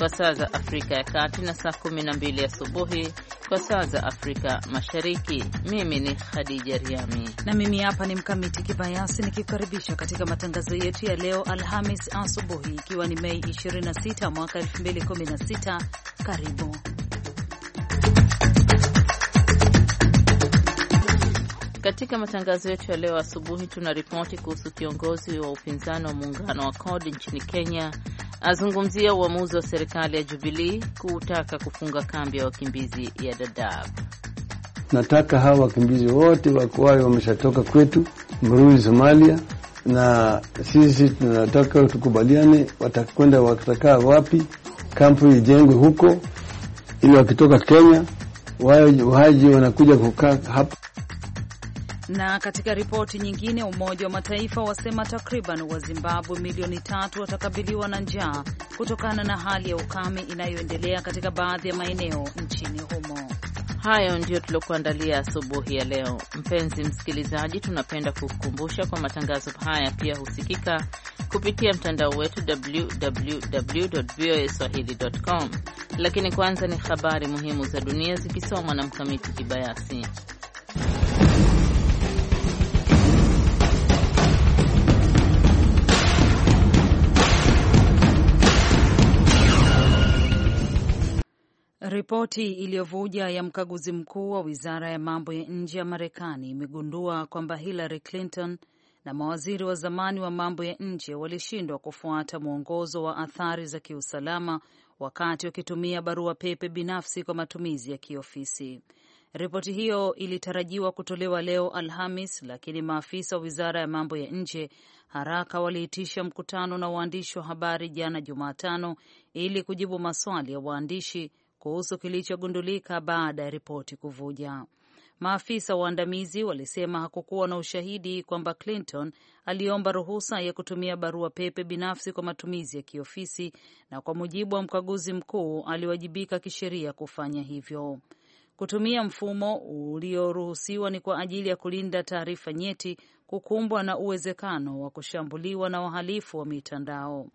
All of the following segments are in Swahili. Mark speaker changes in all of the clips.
Speaker 1: kwa saa za Afrika ya Kati na saa 12 asubuhi kwa saa za Afrika Mashariki. Mimi ni Khadija Riami
Speaker 2: na mimi hapa ni Mkamiti Kibayasi nikikukaribisha katika matangazo yetu ya leo Alhamis asubuhi, ikiwa ni Mei 26 mwaka 2016. Karibu
Speaker 1: Katika matangazo yetu ya leo asubuhi tuna ripoti kuhusu kiongozi wa upinzani wa muungano wa CORD nchini Kenya azungumzia uamuzi wa serikali ya Jubilii kutaka kufunga kambi ya wakimbizi ya Dadaab.
Speaker 3: Nataka hawa wakimbizi wote wakuwayo wameshatoka kwetu, mrudi Somalia, na sisi tunataka tukubaliane, watakwenda watakaa wapi, kampu ijengwe huko, ili wakitoka Kenya waje wanakuja kukaa hapa.
Speaker 2: Na katika ripoti nyingine, Umoja wa Mataifa wasema takriban wa zimbabwe milioni tatu watakabiliwa na njaa kutokana na hali ya ukame inayoendelea katika baadhi ya maeneo nchini humo.
Speaker 1: Hayo ndiyo tuliokuandalia asubuhi ya leo. Mpenzi msikilizaji, tunapenda kukukumbusha kwa matangazo haya pia husikika kupitia mtandao wetu www.voaswahili.com. Lakini kwanza ni habari muhimu za dunia zikisomwa na Mkamiti Kibayasi.
Speaker 2: Ripoti iliyovuja ya mkaguzi mkuu wa wizara ya mambo ya nje ya Marekani imegundua kwamba Hillary Clinton na mawaziri wa zamani wa mambo ya nje walishindwa kufuata mwongozo wa athari za kiusalama wakati wakitumia barua pepe binafsi kwa matumizi ya kiofisi. Ripoti hiyo ilitarajiwa kutolewa leo Alhamis, lakini maafisa wa wizara ya mambo ya nje haraka waliitisha mkutano na waandishi wa habari jana Jumatano ili kujibu maswali ya waandishi kuhusu kilichogundulika baada ya ripoti kuvuja. Maafisa waandamizi walisema hakukuwa na ushahidi kwamba Clinton aliomba ruhusa ya kutumia barua pepe binafsi kwa matumizi ya kiofisi, na kwa mujibu wa mkaguzi mkuu aliwajibika kisheria kufanya hivyo. Kutumia mfumo ulioruhusiwa ni kwa ajili ya kulinda taarifa nyeti kukumbwa na uwezekano wa kushambuliwa na wahalifu wa mitandao.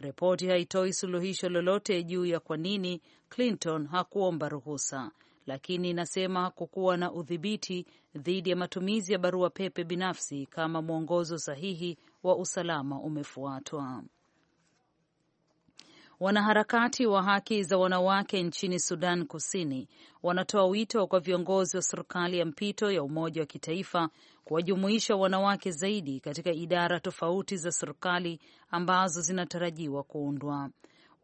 Speaker 2: Ripoti haitoi suluhisho lolote juu ya kwa nini Clinton hakuomba ruhusa, lakini inasema kukuwa na udhibiti dhidi ya matumizi ya barua pepe binafsi kama mwongozo sahihi wa usalama umefuatwa. Wanaharakati wa haki za wanawake nchini Sudan Kusini wanatoa wito kwa viongozi wa serikali ya mpito ya Umoja wa Kitaifa kuwajumuisha wanawake zaidi katika idara tofauti za serikali ambazo zinatarajiwa kuundwa.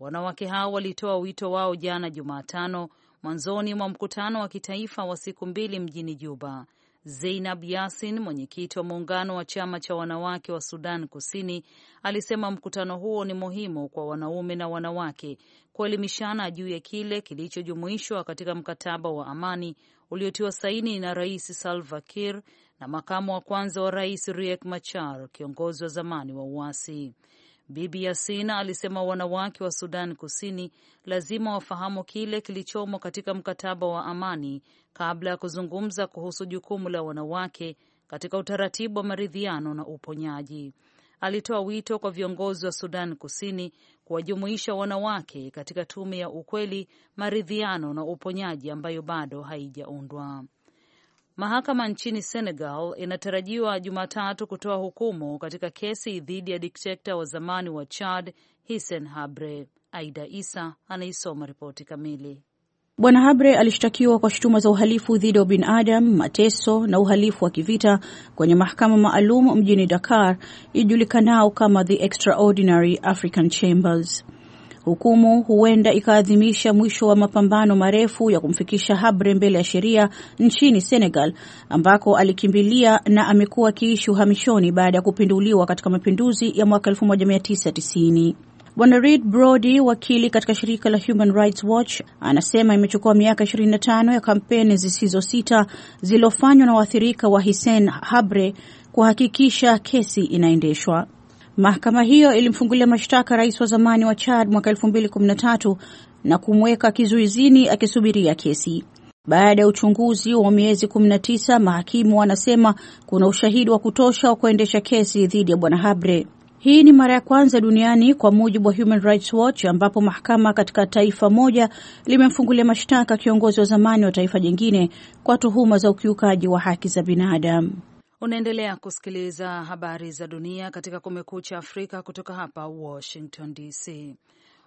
Speaker 2: Wanawake hao walitoa wito wao jana Jumatano, mwanzoni mwa mkutano wa kitaifa wa siku mbili mjini Juba. Zeinab Yasin, mwenyekiti wa muungano wa chama cha wanawake wa Sudan Kusini, alisema mkutano huo ni muhimu kwa wanaume na wanawake kuelimishana juu ya kile kilichojumuishwa katika mkataba wa amani uliotiwa saini na Rais Salva Kiir na makamu wa kwanza wa rais Riek Machar, kiongozi wa zamani wa uasi. Bibi Yasina alisema wanawake wa Sudan Kusini lazima wafahamu kile kilichomo katika mkataba wa amani kabla ya kuzungumza kuhusu jukumu la wanawake katika utaratibu wa maridhiano na uponyaji. Alitoa wito kwa viongozi wa Sudan Kusini kuwajumuisha wanawake katika tume ya ukweli, maridhiano na uponyaji ambayo bado haijaundwa. Mahakama nchini Senegal inatarajiwa Jumatatu kutoa hukumu katika kesi dhidi ya dikteta wa zamani wa Chad Hissen Habre. Aida Isa anaisoma ripoti kamili.
Speaker 4: Bwana Habre alishtakiwa kwa shutuma za uhalifu dhidi ya binadamu, mateso na uhalifu wa kivita kwenye mahakama maalum mjini Dakar ijulikanao kama the Extraordinary African Chambers. Hukumu huenda ikaadhimisha mwisho wa mapambano marefu ya kumfikisha Habre mbele ya sheria nchini Senegal ambako alikimbilia na amekuwa akiishi uhamishoni baada ya kupinduliwa katika mapinduzi ya mwaka 1990. Bwana Reid Brody, wakili katika shirika la Human Rights Watch, anasema imechukua miaka 25 ya kampeni zisizo sita zilizofanywa na waathirika wa Hissène Habre kuhakikisha kesi inaendeshwa. Mahakama hiyo ilimfungulia mashtaka rais wa zamani wa Chad mwaka 2013 na kumweka kizuizini akisubiria kesi. Baada ya uchunguzi wa miezi 19, mahakimu wanasema kuna ushahidi wa kutosha wa kuendesha kesi dhidi ya bwana Habre. Hii ni mara ya kwanza duniani kwa mujibu wa Human Rights Watch ambapo mahakama katika taifa moja limemfungulia mashtaka kiongozi wa zamani wa taifa jingine kwa tuhuma za ukiukaji wa haki za binadamu.
Speaker 2: Unaendelea kusikiliza habari za dunia katika Kumekucha Afrika kutoka hapa Washington DC.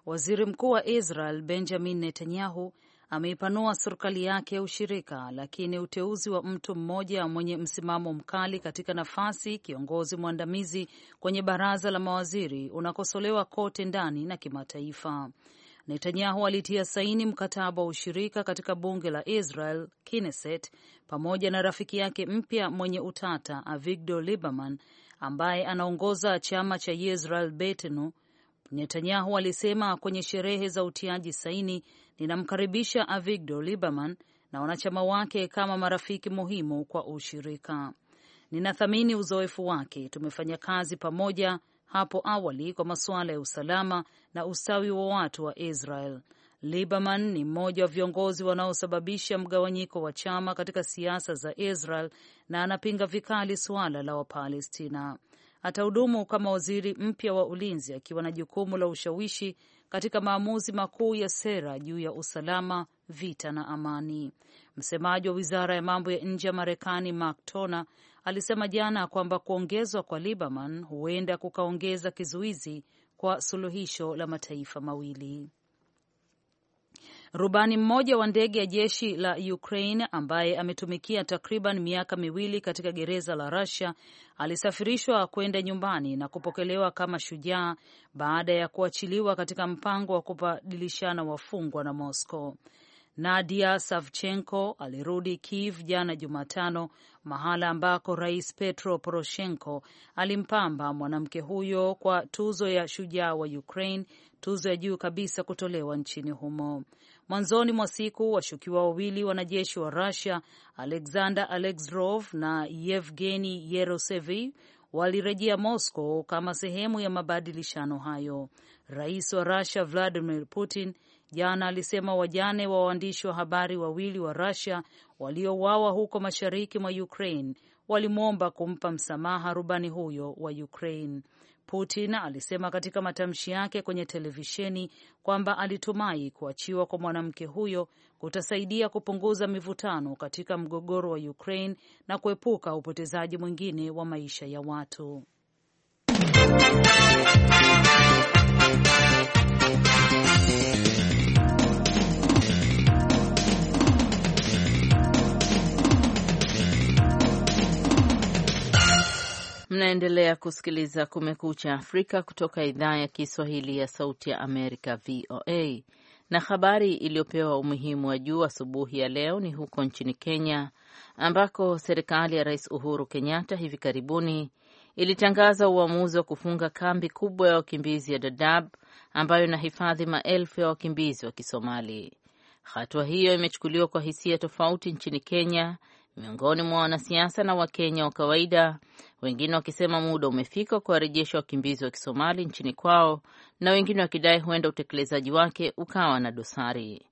Speaker 2: Waziri Mkuu wa Israel Benjamin Netanyahu ameipanua serikali yake ya ushirika, lakini uteuzi wa mtu mmoja mwenye msimamo mkali katika nafasi kiongozi mwandamizi kwenye baraza la mawaziri unakosolewa kote ndani na kimataifa. Netanyahu alitia saini mkataba wa ushirika katika bunge la Israel, Knesset, pamoja na rafiki yake mpya mwenye utata Avigdor Lieberman ambaye anaongoza chama cha Yisrael Betenu. Netanyahu alisema kwenye sherehe za utiaji saini, ninamkaribisha Avigdor Lieberman na wanachama wake kama marafiki muhimu kwa ushirika. Ninathamini uzoefu wake, tumefanya kazi pamoja hapo awali kwa masuala ya usalama na ustawi wa watu wa Israel. Lieberman ni mmoja wa viongozi wanaosababisha mgawanyiko wa chama katika siasa za Israel na anapinga vikali suala la Wapalestina. Atahudumu kama waziri mpya wa ulinzi akiwa na jukumu la ushawishi katika maamuzi makuu ya sera juu ya usalama, vita na amani. Msemaji wa wizara ya mambo ya nje ya Marekani Mark alisema jana kwamba kuongezwa kwa Lieberman huenda kukaongeza kizuizi kwa suluhisho la mataifa mawili. Rubani mmoja wa ndege ya jeshi la Ukraine ambaye ametumikia takriban miaka miwili katika gereza la Russia alisafirishwa kwenda nyumbani na kupokelewa kama shujaa baada ya kuachiliwa katika mpango wa kubadilishana wafungwa na Moscow. Nadia Savchenko alirudi Kiev jana Jumatano, mahala ambako Rais Petro Poroshenko alimpamba mwanamke huyo kwa tuzo ya shujaa wa Ukraine, tuzo ya juu kabisa kutolewa nchini humo. Mwanzoni mwa siku washukiwa wawili wanajeshi wa Rusia, Alexander Alexrov na yevgeni Yerosevi walirejea Moscow kama sehemu ya mabadilishano hayo. Rais wa Rusia Vladimir Putin Jana alisema wajane wa waandishi wa habari wawili wa Russia waliouawa huko mashariki mwa Ukraine walimwomba kumpa msamaha rubani huyo wa Ukraine. Putin alisema katika matamshi yake kwenye televisheni kwamba alitumai kuachiwa kwa mwanamke huyo kutasaidia kupunguza mivutano katika mgogoro wa Ukraine na kuepuka upotezaji mwingine wa maisha ya watu.
Speaker 1: Mnaendelea kusikiliza Kumekucha Afrika kutoka idhaa ya Kiswahili ya Sauti ya Amerika, VOA. Na habari iliyopewa umuhimu wa juu asubuhi ya leo ni huko nchini Kenya, ambako serikali ya Rais Uhuru Kenyatta hivi karibuni ilitangaza uamuzi wa kufunga kambi kubwa ya wakimbizi ya Dadaab ambayo inahifadhi maelfu ya wakimbizi wa Kisomali. Hatua hiyo imechukuliwa kwa hisia tofauti nchini Kenya miongoni mwa wanasiasa na Wakenya wa kawaida wengine wakisema muda umefika kuwarejesha wakimbizi wa Kisomali nchini kwao, na wengine wakidai huenda utekelezaji wake ukawa na dosari.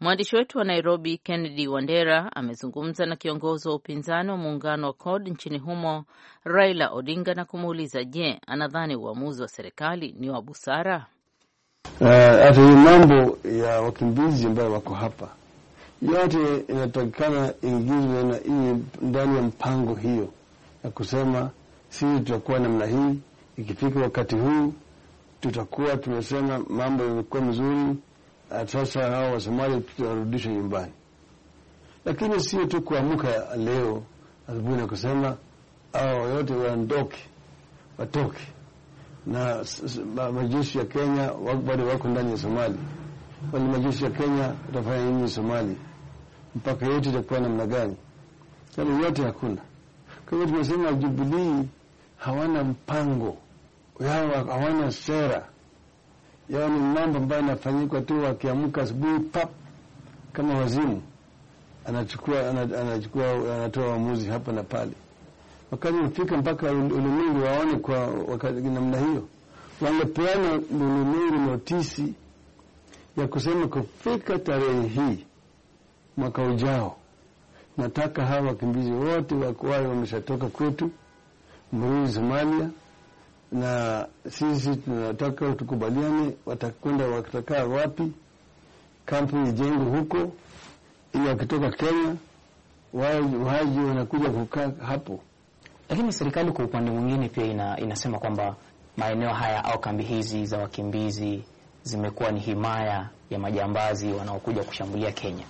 Speaker 1: Mwandishi wetu wa Nairobi, Kennedy Wandera, amezungumza na kiongozi wa upinzani wa muungano wa CORD nchini humo, Raila Odinga, na kumuuliza je, anadhani uamuzi wa serikali ni wa busara?
Speaker 3: Hata uh, hii mambo ya wakimbizi ambayo wako hapa yote inatakikana ingizwe na hii ndani ya mpango hiyo na kusema sisi tutakuwa namna hii, ikifika wakati huu tutakuwa tumesema mambo yamekuwa mzuri, sasa hawa Wasomali tutawarudisha nyumbani. Lakini sio tu kuamka leo asubuhi na kusema hawa yote waondoke, watoke, na majeshi ya Kenya bado wako ndani ya Somali, bali majeshi ya Kenya watafanya nini Somali? Mpaka yote itakuwa namna gani? Yaani yote hakuna kwa hiyo tunasema Jubilii hawana mpango yao, hawana sera yao, ni mambo ambayo yanafanyika tu, wakiamka asubuhi pap, kama wazimu, anachukua anachukua anatoa uamuzi hapa na pale, wakati mfika mpaka ulimwengu waone kwa wakati namna hiyo, wangepeana ulimwengu notisi ya kusema kufika tarehe hii mwaka ujao Nataka hawa wakimbizi wote wakuwayo wameshatoka kwetu mrudi Somalia, na sisi tunataka tukubaliane, watakwenda watakaa wapi, kampu ijengwe huko, ili wakitoka Kenya waje wanakuja kukaa hapo.
Speaker 5: Lakini serikali kwa upande mwingine pia ina, inasema kwamba maeneo haya au kambi hizi za wakimbizi zimekuwa ni himaya ya majambazi wanaokuja kushambulia Kenya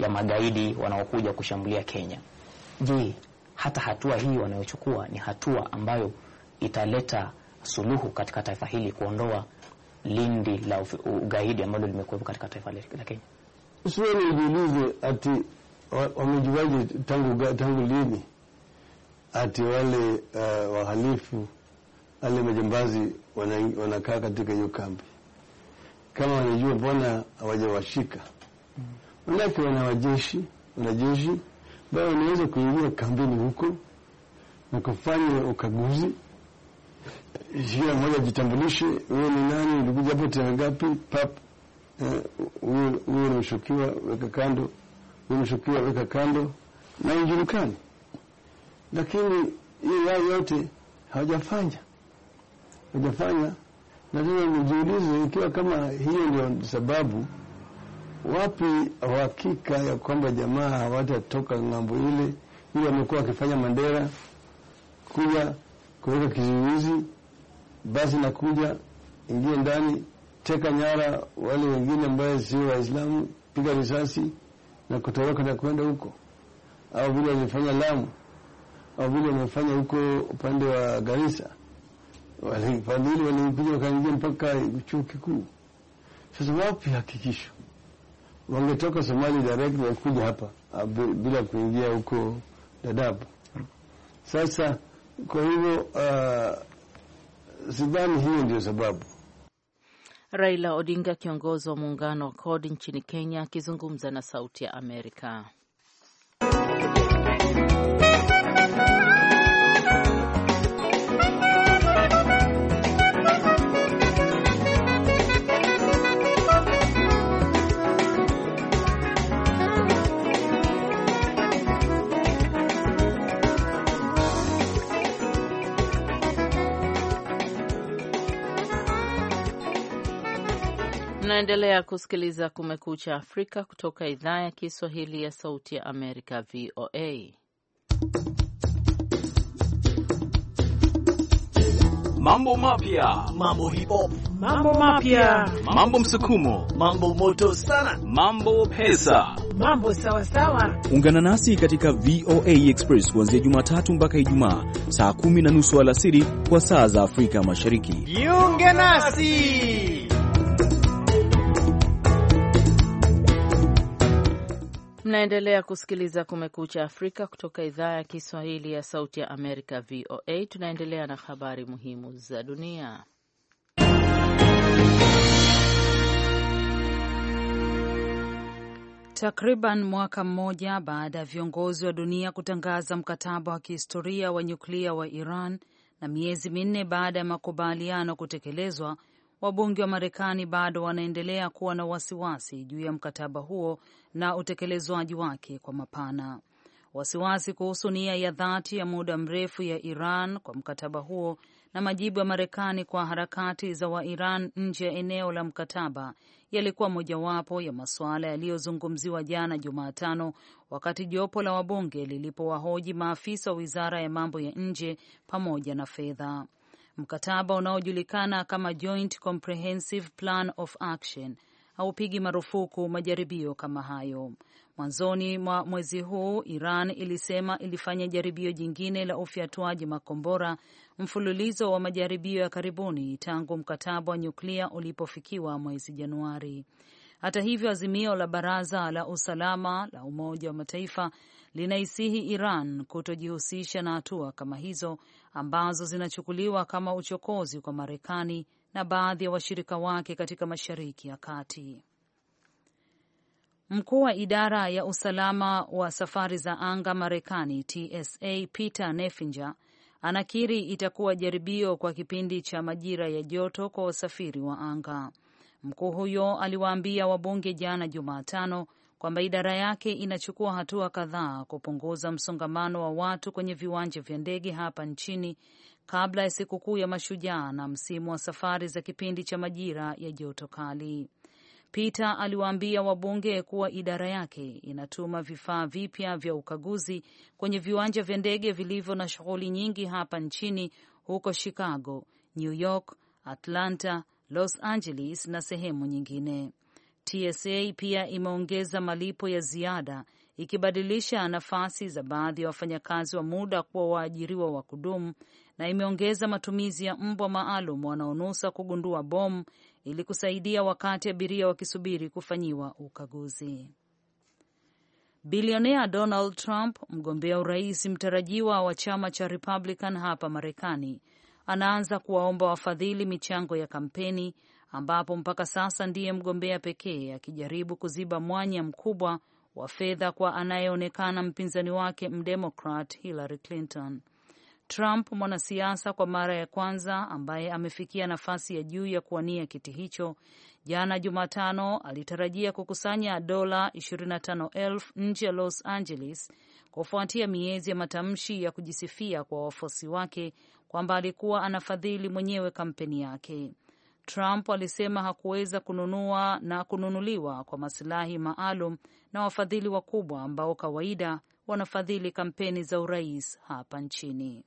Speaker 5: ya magaidi wanaokuja kushambulia Kenya. Je, hata hatua hii wanayochukua ni hatua ambayo italeta suluhu katika taifa hili kuondoa lindi la ugaidi ambalo limekuwepo katika taifa la Kenya?
Speaker 3: Usiwe nijiulize ati wamejuaje tangu, tangu lini ati wale uh, wahalifu wale majambazi wanakaa katika hiyo kambi. Kama wanajua, mbona hawajawashika? mm -hmm. Manake wana wajeshi, wanajeshi ambao wanaweza kuingia kambini huko na kufanya ukaguzi kila mmoja jitambulishe, wewe ni nani, ulikuja hapo tena ngapi? Pap, huyo eh, ni mshukiwa, weka kando. Huyo mshukiwa, weka kando, na ijulikani. Lakini hiyo yao yote hawajafanya, hawajafanya. Na nijiulize, ikiwa kama hiyo ndio sababu wapi uhakika ya kwamba jamaa hawatatoka ng'ambo ile ile wamekuwa wakifanya Mandera, kuja kuweka kizuizi, basi na kuja ingie ndani, teka nyara wale wengine ambaye sio Waislamu, piga risasi na kutoroka na kwenda huko, au vile walifanya Lamu, au vile wamefanya huko upande wa Garissa. Wale upande wakaingia mpaka chuo kikuu. Sasa wapi hakikisho? wangetoka Somali direct wakuja hapa ah, bila kuingia huko Dadaab. Sasa kwa hivyo uh, sidhani hiyo ndio sababu.
Speaker 1: Raila Odinga, kiongozi wa muungano wa CORD nchini Kenya, akizungumza na Sauti ya Amerika. Unaendelea kusikiliza Kumekucha Afrika kutoka idhaa ya Kiswahili ya Sauti ya Amerika, VOA.
Speaker 5: Mambo mapya, mambo hipo,
Speaker 1: mambo mapya,
Speaker 5: mambo msukumo, mambo moto sana, mambo pesa,
Speaker 1: mambo sawasawa.
Speaker 5: Ungana nasi katika VOA Express kuanzia Jumatatu mpaka Ijumaa saa kumi na nusu alasiri kwa saa za Afrika Mashariki. Jiunge nasi.
Speaker 1: Mnaendelea kusikiliza Kumekucha Afrika kutoka idhaa ya Kiswahili ya Sauti ya Amerika, VOA. Tunaendelea na habari muhimu za dunia.
Speaker 2: Takriban mwaka mmoja baada ya viongozi wa dunia kutangaza mkataba wa kihistoria wa nyuklia wa Iran na miezi minne baada ya makubaliano kutekelezwa, wabunge wa Marekani bado wanaendelea kuwa na wasiwasi juu ya mkataba huo na utekelezwaji wake kwa mapana. Wasiwasi kuhusu nia ya dhati ya muda mrefu ya Iran kwa mkataba huo na majibu ya Marekani kwa harakati za Wairan nje ya eneo la mkataba yalikuwa mojawapo ya masuala yaliyozungumziwa jana Jumatano, wakati jopo la wabunge lilipowahoji maafisa wa wizara ya mambo ya nje pamoja na fedha. Mkataba unaojulikana kama Joint Comprehensive Plan of Action haupigi marufuku majaribio kama hayo. Mwanzoni mwa mwezi huu Iran ilisema ilifanya jaribio jingine la ufyatuaji makombora, mfululizo wa majaribio ya karibuni tangu mkataba wa nyuklia ulipofikiwa mwezi Januari. Hata hivyo, azimio la Baraza la Usalama la Umoja wa Mataifa linaisihi Iran kutojihusisha na hatua kama hizo ambazo zinachukuliwa kama uchokozi kwa Marekani na baadhi ya wa washirika wake katika Mashariki ya Kati. Mkuu wa idara ya usalama wa safari za anga Marekani, TSA, Peter Neffinger anakiri itakuwa jaribio kwa kipindi cha majira ya joto kwa wasafiri wa anga. Mkuu huyo aliwaambia wabunge jana Jumatano kwamba idara yake inachukua hatua kadhaa kupunguza msongamano wa watu kwenye viwanja vya ndege hapa nchini kabla ya sikukuu ya Mashujaa na msimu wa safari za kipindi cha majira ya joto kali. Peter aliwaambia wabunge kuwa idara yake inatuma vifaa vipya vya ukaguzi kwenye viwanja vya ndege vilivyo na shughuli nyingi hapa nchini huko Chicago, New York, Atlanta, Los Angeles na sehemu nyingine. TSA pia imeongeza malipo ya ziada ikibadilisha nafasi za baadhi ya wafanyakazi wa muda kuwa waajiriwa wa kudumu na imeongeza matumizi ya mbwa maalum wanaonusa kugundua bomu ili kusaidia wakati abiria wakisubiri kufanyiwa ukaguzi. Bilionea Donald Trump, mgombea urais mtarajiwa wa chama cha Republican hapa Marekani, anaanza kuwaomba wafadhili michango ya kampeni ambapo mpaka sasa ndiye mgombea pekee akijaribu kuziba mwanya mkubwa wa fedha kwa anayeonekana mpinzani wake mdemokrat Hillary Clinton. Trump, mwanasiasa kwa mara ya kwanza ambaye amefikia nafasi ya juu ya kuwania kiti hicho, jana Jumatano alitarajia kukusanya dola 25,000 nje ya Los Angeles kufuatia miezi ya matamshi ya kujisifia kwa wafuasi wake kwamba alikuwa anafadhili mwenyewe kampeni yake. Trump alisema hakuweza kununua na kununuliwa kwa masilahi maalum na wafadhili wakubwa ambao kawaida wanafadhili kampeni za urais hapa nchini.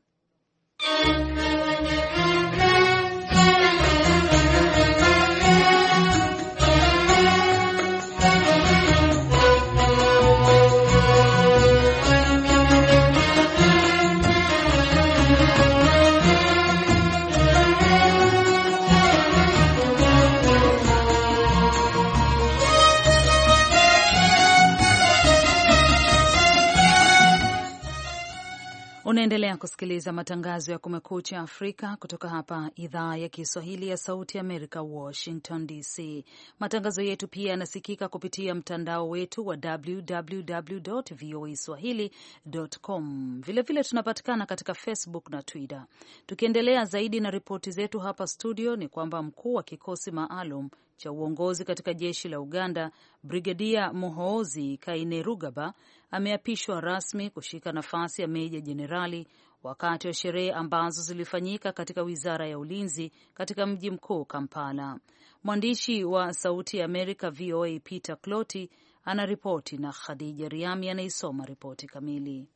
Speaker 2: Unaendelea kusikiliza matangazo ya Kumekucha Afrika kutoka hapa idhaa ya Kiswahili ya Sauti Amerika, Washington DC. Matangazo yetu pia yanasikika kupitia mtandao wetu wa www voa swahili.com. Vilevile tunapatikana katika Facebook na Twitter. Tukiendelea zaidi na ripoti zetu hapa studio, ni kwamba mkuu wa kikosi maalum cha uongozi katika jeshi la Uganda, Brigedia Muhoozi Kainerugaba ameapishwa rasmi kushika nafasi ya meja jenerali wakati wa sherehe ambazo zilifanyika katika wizara ya ulinzi katika mji mkuu Kampala. Mwandishi wa Sauti ya Amerika VOA Peter Cloti anaripoti na Khadija Riami anaisoma ripoti kamili.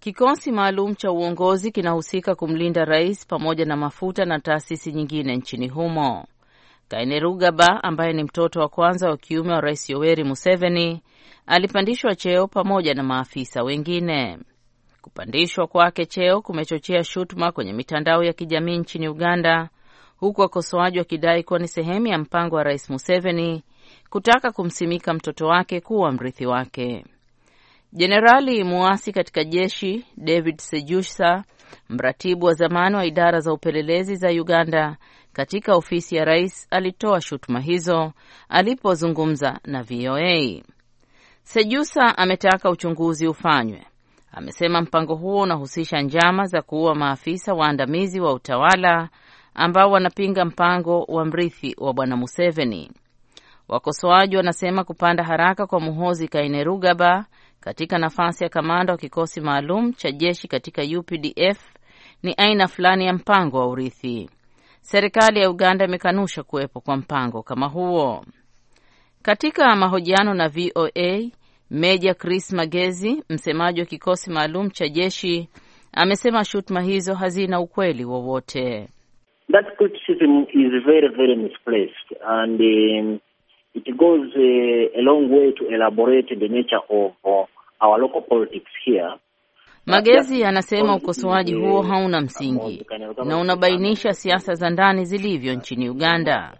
Speaker 1: Kikosi maalum cha uongozi kinahusika kumlinda rais pamoja na mafuta na taasisi nyingine nchini humo. Kainerugaba ambaye ni mtoto wa kwanza wa kiume wa Rais Yoweri Museveni alipandishwa cheo pamoja na maafisa wengine. Kupandishwa kwake cheo kumechochea shutuma kwenye mitandao ya kijamii nchini Uganda, huku wakosoaji wakidai kuwa ni sehemu ya mpango wa Rais Museveni kutaka kumsimika mtoto wake kuwa mrithi wake. Jenerali muasi katika jeshi David Sejusa, mratibu wa zamani wa idara za upelelezi za Uganda, katika ofisi ya rais alitoa shutuma hizo alipozungumza na VOA. Sejusa ametaka uchunguzi ufanywe. Amesema mpango huo unahusisha njama za kuua maafisa waandamizi wa utawala ambao wanapinga mpango wa mrithi wa bwana Museveni. Wakosoaji wanasema kupanda haraka kwa Muhozi Kainerugaba katika nafasi ya kamanda wa kikosi maalum cha jeshi katika UPDF ni aina fulani ya mpango wa urithi. Serikali ya Uganda imekanusha kuwepo kwa mpango kama huo. Katika mahojiano na VOA, Meja Chris Magezi, msemaji wa kikosi maalum cha jeshi, amesema shutuma hizo hazina ukweli wowote.
Speaker 3: That criticism is very, very
Speaker 5: misplaced and um, It goes uh, a long way to elaborate the nature of uh, our local politics here.
Speaker 1: Magezi anasema ukosoaji huo hauna msingi na unabainisha siasa za ndani zilivyo nchini Uganda.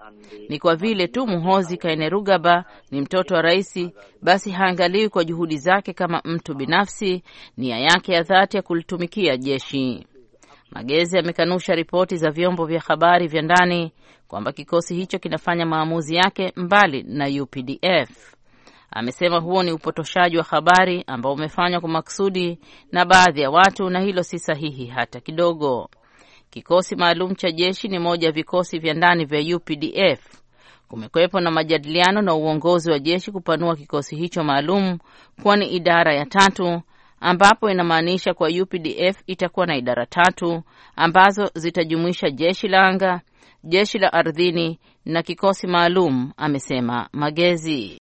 Speaker 1: Ni kwa vile tu Muhozi Kainerugaba ni mtoto wa rais, basi haangaliwi kwa juhudi zake kama mtu binafsi, nia yake ya dhati ya kulitumikia jeshi. Magezi amekanusha ripoti za vyombo vya habari vya ndani kwamba kikosi hicho kinafanya maamuzi yake mbali na UPDF. Amesema huo ni upotoshaji wa habari ambao umefanywa kwa makusudi na baadhi ya watu na hilo si sahihi hata kidogo. Kikosi maalum cha jeshi ni moja ya vikosi vya ndani vya UPDF. Kumekwepo na majadiliano na uongozi wa jeshi kupanua kikosi hicho maalum kuwa ni idara ya tatu, ambapo inamaanisha kwa UPDF itakuwa na idara tatu ambazo zitajumuisha jeshi la anga, jeshi la ardhini na kikosi maalum, amesema Magezi.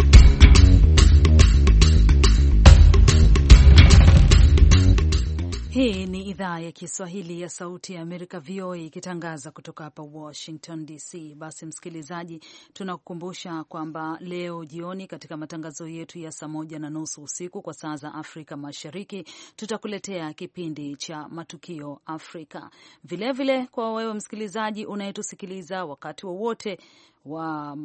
Speaker 2: Hii ni idhaa ya Kiswahili ya Sauti ya Amerika, VOA, ikitangaza kutoka hapa Washington DC. Basi msikilizaji, tunakukumbusha kwamba leo jioni katika matangazo yetu ya saa moja na nusu usiku kwa saa za Afrika Mashariki tutakuletea kipindi cha Matukio Afrika. Vilevile vile, kwa wewe msikilizaji unayetusikiliza wakati wowote wa, wa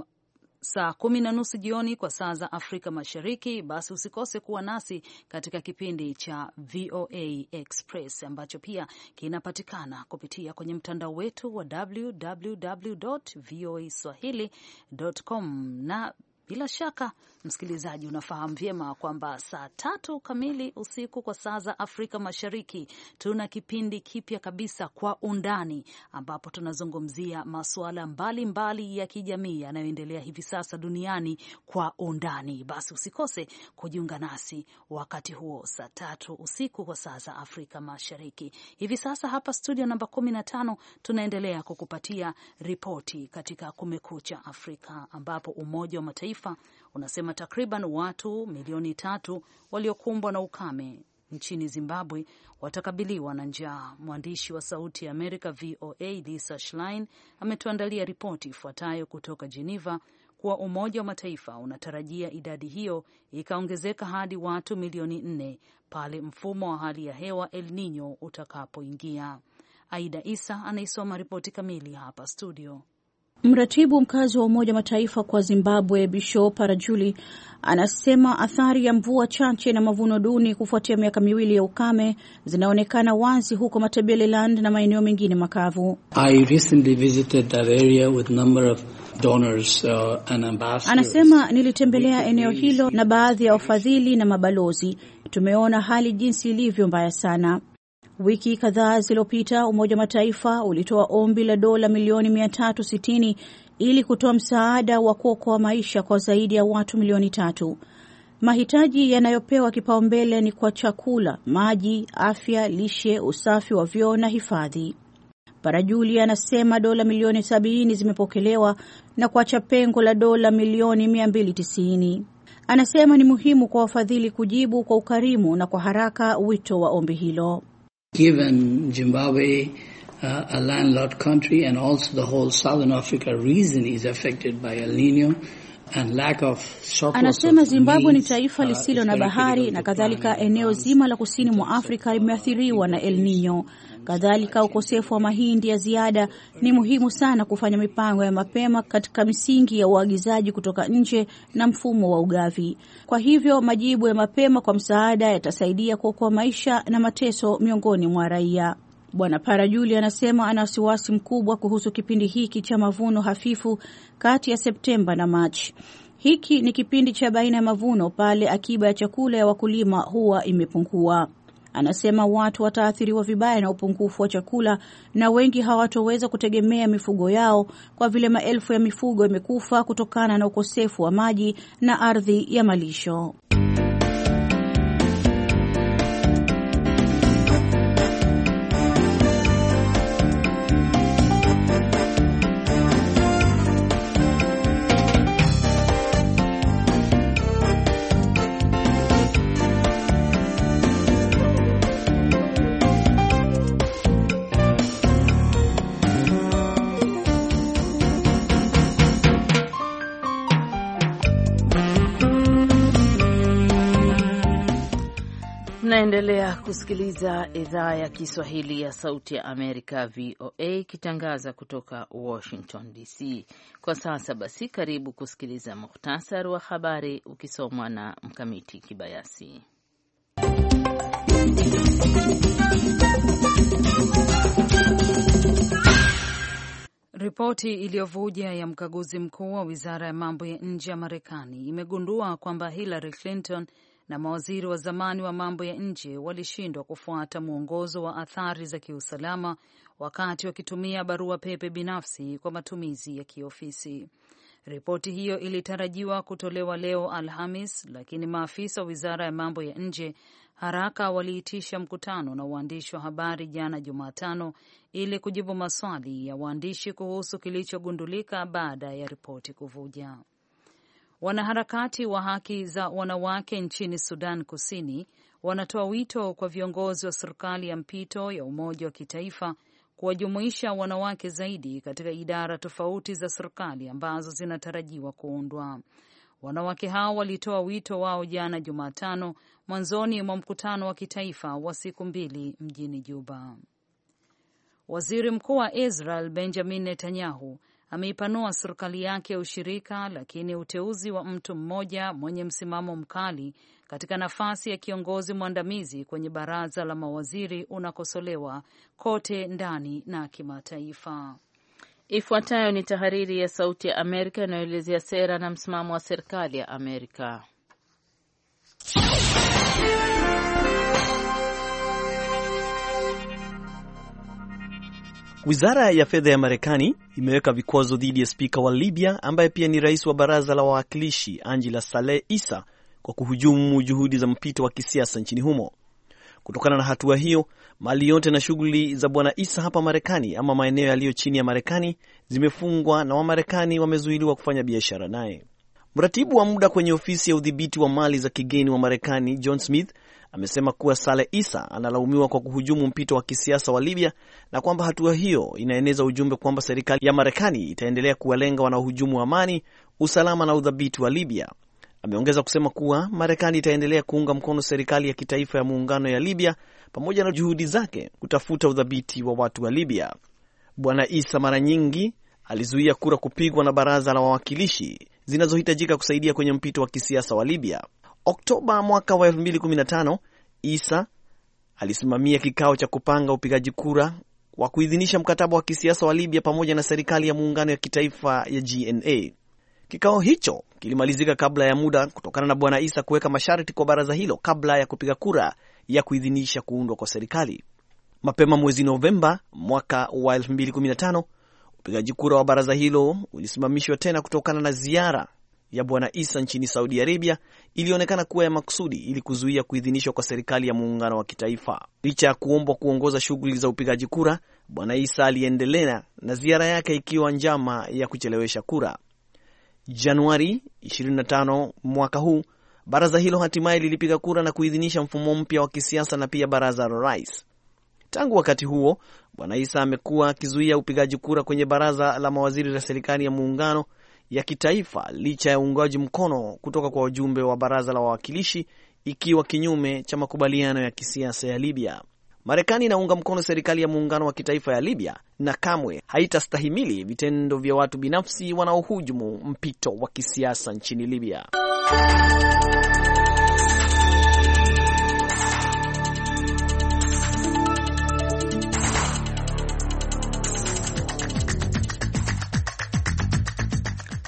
Speaker 2: saa kumi na nusu jioni kwa saa za Afrika Mashariki, basi usikose kuwa nasi katika kipindi cha VOA Express ambacho pia kinapatikana kupitia kwenye mtandao wetu wa www voa swahili.com na bila shaka Msikilizaji, unafahamu vyema kwamba saa tatu kamili usiku kwa saa za Afrika Mashariki tuna kipindi kipya kabisa kwa undani, ambapo tunazungumzia masuala mbalimbali ya kijamii yanayoendelea hivi sasa duniani kwa undani. Basi usikose kujiunga nasi wakati huo saa tatu usiku kwa saa za Afrika Mashariki. Hivi sasa hapa studio namba 15 tunaendelea kukupatia ripoti katika Kumekucha Afrika, ambapo Umoja wa Mataifa unasema takriban watu milioni tatu waliokumbwa na ukame nchini Zimbabwe watakabiliwa na njaa. Mwandishi wa Sauti ya Amerika VOA Lisa Schlein ametuandalia ripoti ifuatayo kutoka Geneva kuwa Umoja wa Mataifa unatarajia idadi hiyo ikaongezeka hadi watu milioni nne pale mfumo wa hali ya hewa El Nino utakapoingia. Aida Isa anaisoma ripoti kamili hapa studio.
Speaker 4: Mratibu mkazi wa Umoja Mataifa kwa Zimbabwe Bisho Parajuli anasema athari ya mvua chache na mavuno duni kufuatia miaka miwili ya ukame zinaonekana wazi huko Matabeleland na maeneo mengine makavu.
Speaker 3: I recently visited that
Speaker 2: area with number of donors, uh, and ambassadors. Anasema
Speaker 4: nilitembelea eneo hilo na baadhi ya wafadhili na mabalozi. Tumeona hali jinsi ilivyo mbaya sana. Wiki kadhaa zilizopita Umoja wa Mataifa ulitoa ombi la dola milioni 360 ili kutoa msaada wa kuokoa maisha kwa zaidi ya watu milioni tatu. Mahitaji yanayopewa kipaumbele ni kwa chakula, maji, afya, lishe, usafi wa vyoo na hifadhi. bara Julia anasema dola milioni 70 zimepokelewa na kuacha pengo la dola milioni 290. Anasema ni muhimu kwa wafadhili kujibu kwa ukarimu na kwa haraka wito wa ombi hilo.
Speaker 2: given Zimbabwe uh, a landlocked country and also the whole Southern Africa region is affected by El Nino. And lack of anasema
Speaker 4: Zimbabwe ni taifa uh, lisilo na bahari na kadhalika, eneo zima la kusini mwa Afrika limeathiriwa na El Nino. Kadhalika, ukosefu wa mahindi ya ziada ni muhimu sana kufanya mipango ya mapema katika misingi ya uagizaji kutoka nje na mfumo wa ugavi. Kwa hivyo, majibu ya mapema kwa msaada yatasaidia kuokoa maisha na mateso miongoni mwa raia. Bwana para juli anasema ana wasiwasi mkubwa kuhusu kipindi hiki cha mavuno hafifu kati ya Septemba na Machi. Hiki ni kipindi cha baina ya mavuno, pale akiba ya chakula ya wakulima huwa imepungua. Anasema watu wataathiriwa vibaya na upungufu wa chakula na wengi hawatoweza kutegemea mifugo yao kwa vile maelfu ya mifugo imekufa kutokana na ukosefu wa maji na ardhi ya malisho.
Speaker 1: Unaendelea kusikiliza idhaa ya Kiswahili ya Sauti ya Amerika, VOA, ikitangaza kutoka Washington DC. Kwa sasa basi, karibu kusikiliza muhtasari wa habari ukisomwa na Mkamiti Kibayasi.
Speaker 2: Ripoti iliyovuja ya mkaguzi mkuu wa wizara ya mambo ya nje ya Marekani imegundua kwamba Hillary Clinton na mawaziri wa zamani wa mambo ya nje walishindwa kufuata mwongozo wa athari za kiusalama wakati wakitumia barua pepe binafsi kwa matumizi ya kiofisi. Ripoti hiyo ilitarajiwa kutolewa leo Alhamis, lakini maafisa wa wizara ya mambo ya nje haraka waliitisha mkutano na waandishi wa habari jana Jumatano ili kujibu maswali ya waandishi kuhusu kilichogundulika baada ya ripoti kuvuja. Wanaharakati wa haki za wanawake nchini Sudan Kusini wanatoa wito kwa viongozi wa serikali ya mpito ya umoja wa kitaifa kuwajumuisha wanawake zaidi katika idara tofauti za serikali ambazo zinatarajiwa kuundwa. Wanawake hao walitoa wito wao jana Jumatano, mwanzoni mwa mkutano wa kitaifa wa siku mbili mjini Juba. Waziri Mkuu wa Israel Benjamin Netanyahu ameipanua serikali yake ya ushirika, lakini uteuzi wa mtu mmoja mwenye msimamo mkali katika nafasi ya kiongozi mwandamizi kwenye baraza la mawaziri
Speaker 1: unakosolewa kote ndani na kimataifa. Ifuatayo ni tahariri ya Sauti ya Amerika inayoelezea sera na msimamo wa serikali ya Amerika.
Speaker 5: Wizara ya fedha ya Marekani imeweka vikwazo dhidi ya spika wa Libya ambaye pia ni rais wa baraza la wawakilishi Angela Saleh Isa kwa kuhujumu juhudi za mpito wa kisiasa nchini humo. Kutokana na hatua hiyo, mali yote na shughuli za Bwana Isa hapa Marekani ama maeneo yaliyo chini ya Marekani zimefungwa na Wamarekani wamezuiliwa kufanya biashara naye. Mratibu wa muda kwenye ofisi ya udhibiti wa mali za kigeni wa Marekani John Smith amesema kuwa Saleh Isa analaumiwa kwa kuhujumu mpito wa kisiasa wa Libya na kwamba hatua hiyo inaeneza ujumbe kwamba serikali ya Marekani itaendelea kuwalenga wanaohujumu amani, usalama na udhabiti wa Libya. Ameongeza kusema kuwa Marekani itaendelea kuunga mkono serikali ya kitaifa ya muungano ya Libya pamoja na juhudi zake kutafuta udhabiti wa watu wa Libya. Bwana Isa mara nyingi alizuia kura kupigwa na baraza la wawakilishi zinazohitajika kusaidia kwenye mpito wa kisiasa wa Libya. Oktoba mwaka wa 2015 Isa alisimamia kikao cha kupanga upigaji kura wa kuidhinisha mkataba wa kisiasa wa Libya pamoja na serikali ya muungano ya kitaifa ya GNA. Kikao hicho kilimalizika kabla ya muda kutokana na Bwana Isa kuweka masharti kwa baraza hilo kabla ya kupiga kura ya kuidhinisha kuundwa kwa serikali. Mapema mwezi Novemba mwaka wa 2015, upigaji kura wa baraza hilo ulisimamishwa tena kutokana na ziara ya Bwana Isa nchini Saudi Arabia ilionekana kuwa ya makusudi ili kuzuia kuidhinishwa kwa serikali ya muungano wa kitaifa. Licha ya kuombwa kuongoza shughuli za upigaji kura, Bwana Isa aliendelea na ziara yake ikiwa njama ya kuchelewesha kura. Januari 25 mwaka huu, baraza hilo hatimaye lilipiga kura na kuidhinisha mfumo mpya wa kisiasa na pia baraza la rais. Tangu wakati huo, Bwana Isa amekuwa akizuia upigaji kura kwenye baraza la mawaziri la serikali ya muungano ya kitaifa licha ya uungaji mkono kutoka kwa wajumbe wa baraza la wawakilishi ikiwa kinyume cha makubaliano ya kisiasa ya Libya. Marekani inaunga mkono serikali ya muungano wa kitaifa ya Libya na kamwe haitastahimili vitendo vya watu binafsi wanaohujumu mpito wa kisiasa nchini Libya.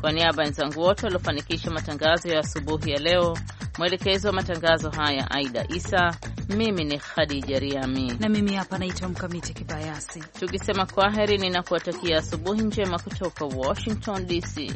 Speaker 1: Kwa niaba ya wenzangu wote waliofanikisha matangazo ya asubuhi ya leo, mwelekezi wa matangazo haya Aida Isa, mimi ni Khadija Riami na
Speaker 2: mimi hapa naitwa Mkamiti Kibayasi,
Speaker 1: tukisema kwaheri, ninakuwatakia asubuhi njema kutoka Washington DC.